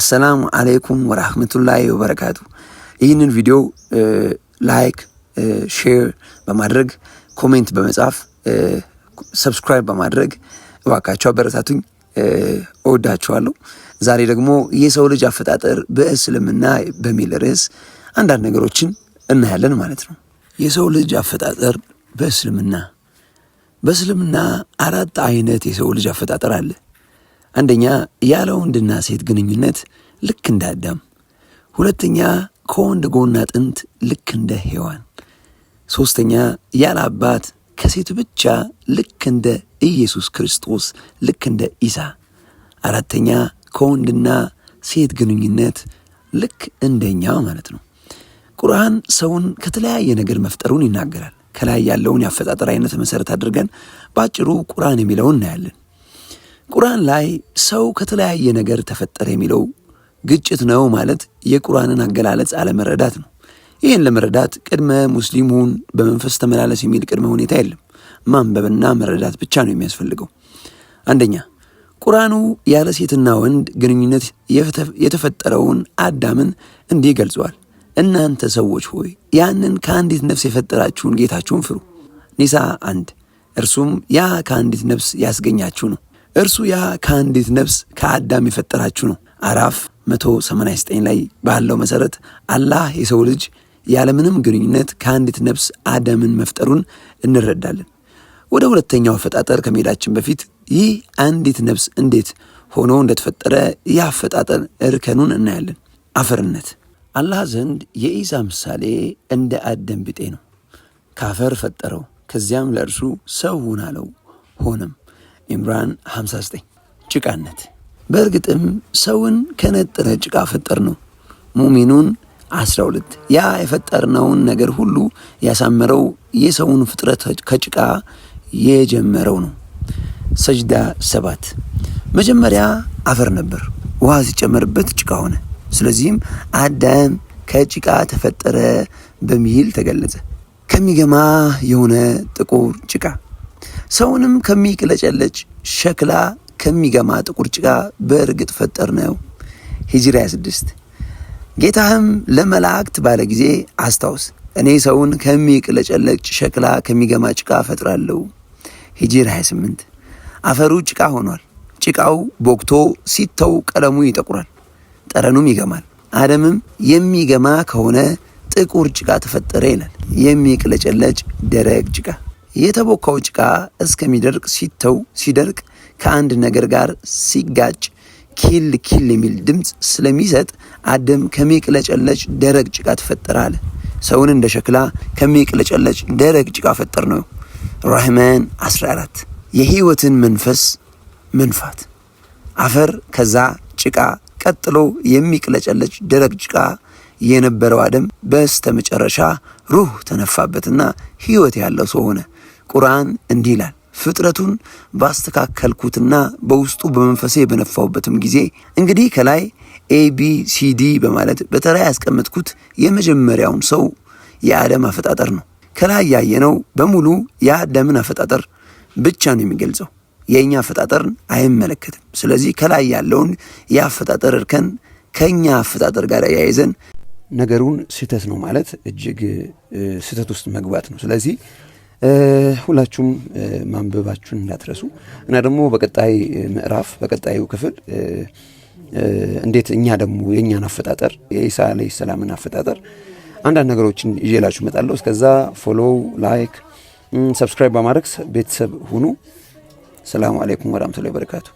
አሰላሙ አሌይኩም ወራህመቱላሂ ወበረካቱ። ይህንን ቪዲዮ ላይክ፣ ሼር በማድረግ ኮሜንት በመጻፍ ሰብስክራይብ በማድረግ እባካቸው አበረታቱኝ። እወዳችኋለሁ። ዛሬ ደግሞ የሰው ልጅ አፈጣጠር በእስልምና በሚል ርዕስ አንዳንድ ነገሮችን እናያለን ማለት ነው። የሰው ልጅ አፈጣጠር በእስልምና በእስልምና አራት አይነት የሰው ልጅ አፈጣጠር አለ። አንደኛ ያለ ወንድና ሴት ግንኙነት ልክ እንደ አዳም፣ ሁለተኛ ከወንድ ጎን አጥንት ልክ እንደ ሔዋን፣ ሶስተኛ ያለ አባት ከሴት ብቻ ልክ እንደ ኢየሱስ ክርስቶስ ልክ እንደ ኢሳ፣ አራተኛ ከወንድና ሴት ግንኙነት ልክ እንደኛ ማለት ነው። ቁርአን ሰውን ከተለያየ ነገር መፍጠሩን ይናገራል። ከላይ ያለውን የአፈጣጠር አይነት መሰረት አድርገን በአጭሩ ቁርአን የሚለውን እናያለን። ቁርአን ላይ ሰው ከተለያየ ነገር ተፈጠረ የሚለው ግጭት ነው ማለት የቁርአንን አገላለጽ አለመረዳት ነው። ይህን ለመረዳት ቅድመ ሙስሊሙን በመንፈስ ተመላለስ የሚል ቅድመ ሁኔታ የለም። ማንበብና መረዳት ብቻ ነው የሚያስፈልገው። አንደኛ ቁርአኑ ያለ ሴትና ወንድ ግንኙነት የተፈጠረውን አዳምን እንዲህ ገልጸዋል። እናንተ ሰዎች ሆይ ያንን ከአንዲት ነፍስ የፈጠራችሁን ጌታችሁን ፍሩ። ኒሳ አንድ እርሱም ያ ከአንዲት ነፍስ ያስገኛችሁ ነው። እርሱ ያ ከአንዲት ነፍስ ከአዳም የፈጠራችሁ ነው። አራፍ 189 ላይ ባለው መሰረት አላህ የሰው ልጅ ያለምንም ግንኙነት ከአንዲት ነፍስ አደምን መፍጠሩን እንረዳለን። ወደ ሁለተኛው አፈጣጠር ከመሄዳችን በፊት ይህ አንዲት ነፍስ እንዴት ሆኖ እንደተፈጠረ ይህ አፈጣጠር እርከኑን እናያለን። አፈርነት አላህ ዘንድ የኢሳ ምሳሌ እንደ አደም ብጤ ነው። ከአፈር ፈጠረው፣ ከዚያም ለእርሱ ሰው ሁን አለው፣ ሆነም። ኢምራን 59 ጭቃነት በእርግጥም ሰውን ከነጠረ ጭቃ ፈጠር ነው ሙሚኑን 12 ያ የፈጠርነውን ነገር ሁሉ ያሳመረው የሰውን ፍጥረት ከጭቃ የጀመረው ነው። ሰጅዳ ሰባት መጀመሪያ አፈር ነበር፣ ውሃ ሲጨመርበት ጭቃ ሆነ። ስለዚህም አዳም ከጭቃ ተፈጠረ በሚል ተገለጸ። ከሚገማ የሆነ ጥቁር ጭቃ ሰውንም ከሚቅለጨለጭ ሸክላ ከሚገማ ጥቁር ጭቃ በእርግጥ ፈጠር ነው። ሂጅር 26 ጌታህም ለመላእክት ባለ ጊዜ አስታውስ፣ እኔ ሰውን ከሚቅለጨለጭ ሸክላ ከሚገማ ጭቃ ፈጥራለሁ። ሂጅር 28 አፈሩ ጭቃ ሆኗል። ጭቃው ቦክቶ ሲተው ቀለሙ ይጠቁራል፣ ጠረኑም ይገማል። አደምም የሚገማ ከሆነ ጥቁር ጭቃ ተፈጠረ ይላል። የሚቅለጨለጭ ደረቅ ጭቃ የተቦካው ጭቃ እስከሚደርቅ ሲተው ሲደርቅ ከአንድ ነገር ጋር ሲጋጭ ኪል ኪል የሚል ድምፅ ስለሚሰጥ አደም ከሚቅለጨለጭ ደረቅ ጭቃ ትፈጠራል። ሰውን እንደ ሸክላ ከሚቅለጨለጭ ደረቅ ጭቃ ፈጠር ነው። ራህማን 14 የህይወትን መንፈስ መንፋት አፈር ከዛ ጭቃ ቀጥሎ የሚቅለጨለጭ ደረቅ ጭቃ የነበረው አደም በስተ መጨረሻ ሩህ ተነፋበትና ህይወት ያለው ሰው ሆነ። ቁርአን እንዲህ ይላል፣ ፍጥረቱን ባስተካከልኩትና በውስጡ በመንፈሴ በነፋሁበትም ጊዜ እንግዲህ ከላይ ኤቢሲዲ በማለት በተራ ያስቀመጥኩት የመጀመሪያውን ሰው የአደም አፈጣጠር ነው። ከላይ ያየነው በሙሉ የአደምን አፈጣጠር ብቻ ነው የሚገልጸው፣ የእኛ አፈጣጠርን አይመለከትም። ስለዚህ ከላይ ያለውን የአፈጣጠር እርከን ከእኛ አፈጣጠር ጋር አያይዘን ነገሩን ስህተት ነው ማለት እጅግ ስህተት ውስጥ መግባት ነው። ስለዚህ ሁላችሁም ማንበባችሁን እንዳትረሱ እና ደግሞ በቀጣይ ምዕራፍ በቀጣዩ ክፍል እንዴት እኛ ደግሞ የእኛን አፈጣጠር የኢሳ ዓለይሂ ሰላምን አፈጣጠር አንዳንድ ነገሮችን ይዤላችሁ እመጣለሁ። እስከዛ ፎሎው፣ ላይክ፣ ሰብስክራይብ በማድረግ ቤተሰብ ሁኑ። ሰላሙ አለይኩም ወራህመቱላሂ ወበረካቱ።